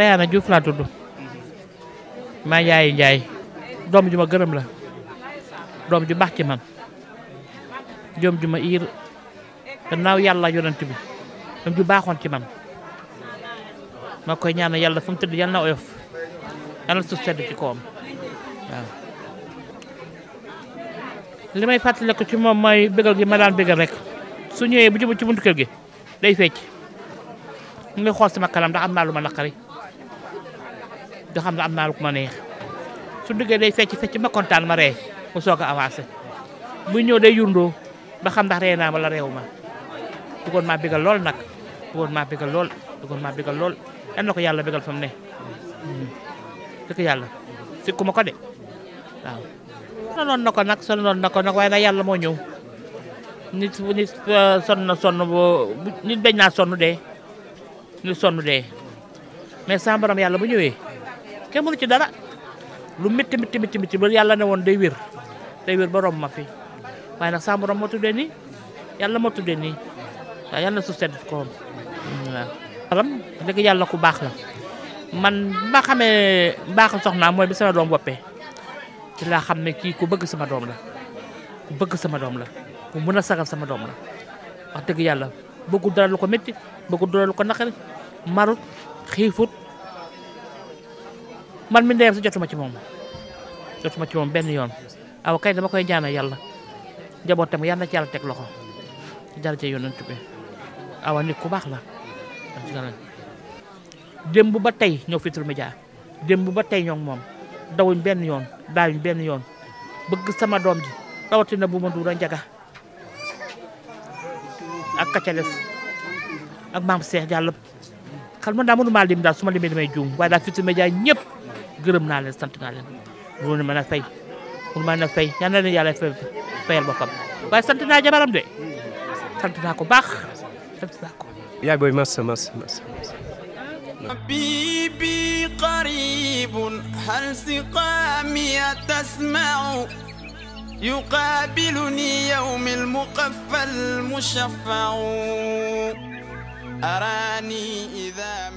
Rayane Diouf laa tudd maa yaayi Ndiaye doom ju ma gërëm la doom ju baax ci man doom ju ma iir gannaaw yàlla yonent bi doom ju baaxoon ci man ma koy ñaanal yàlla fu mu tëdd yàlla oyof yàlla suuf sedd ci kawam waaw. li may fàttaliku ci moom mooy bégal gi ma daan bégal rek su ñëwee bu jëm ci buntu kër gi day fecc mu ngi xool sama kanam ndax am naa lu ma naqari. da xam ne am naa lu ko ma neex su day fecc fecc ma kontaan ma ree mu soog a bu ñëw day yurndoo ba xam ndax ree naa wala ma bëggoon maa bégal lool nag bëggoon maa bégal lool bëggoon maa yàlla bégal fa mu ne mm-hmm. dëgg yàlla sikku ma ko de waaw na nag sonoon na nag waaye nag yàlla moo ñëw nit nit uh, sonn na sonn boo nit bañ naa sonn dee nit sonn dee mais sa yàlla bu ñëwee kenn mënu ci dara lu métti métti métti métti ba yàlla ne woon day wér day wér ba romb ma fi waaye nag saa borom moo tuddee nii yàlla moo tuddee nii waaw yàlla suuf sedd ko woon dëgg yàlla ku baax la man ba xamee baaxul soxnaa mooy bi sama doom boppee ci laa xam ne kii ku bëgg sama doom la ku bëgg sama doom la ku mën a sagal sama doom la wax dëgg yàlla bëggul dara lu ko métti bëggul dara lu ko naqari marut xiifut. man mi ndeyam si jotuma ci moom jotuma ci moom benn yoon aw kay dama koy ñaanal yàlla jabootam yàlla na ci yàlla teg loxo ci daraja yonent bi awa nit ku baax la démb ba tey ñoo Futurs Médias bu ba tey ñoo moom dawuñ benn yoon daawuñ benn yoon bëgg sama doom ji rawatina bu ma duura njaga ak kacales ak maam Cheikh Diallo xam man daa mënu maa lim daal su ma limee damay juum waaye daal Futurs Médias ñëpp gërëm naa leen sant naa leen mënu mën a fay mënu mën a fay yal na leen yàlla fayal boppam waaye sant naa jabaram de sant naa ko baax sant naa ko yaay booy mas mas mas حبيبي قريب هل سقامي تسمع يقابلني يوم المقفى المشفع أراني إذا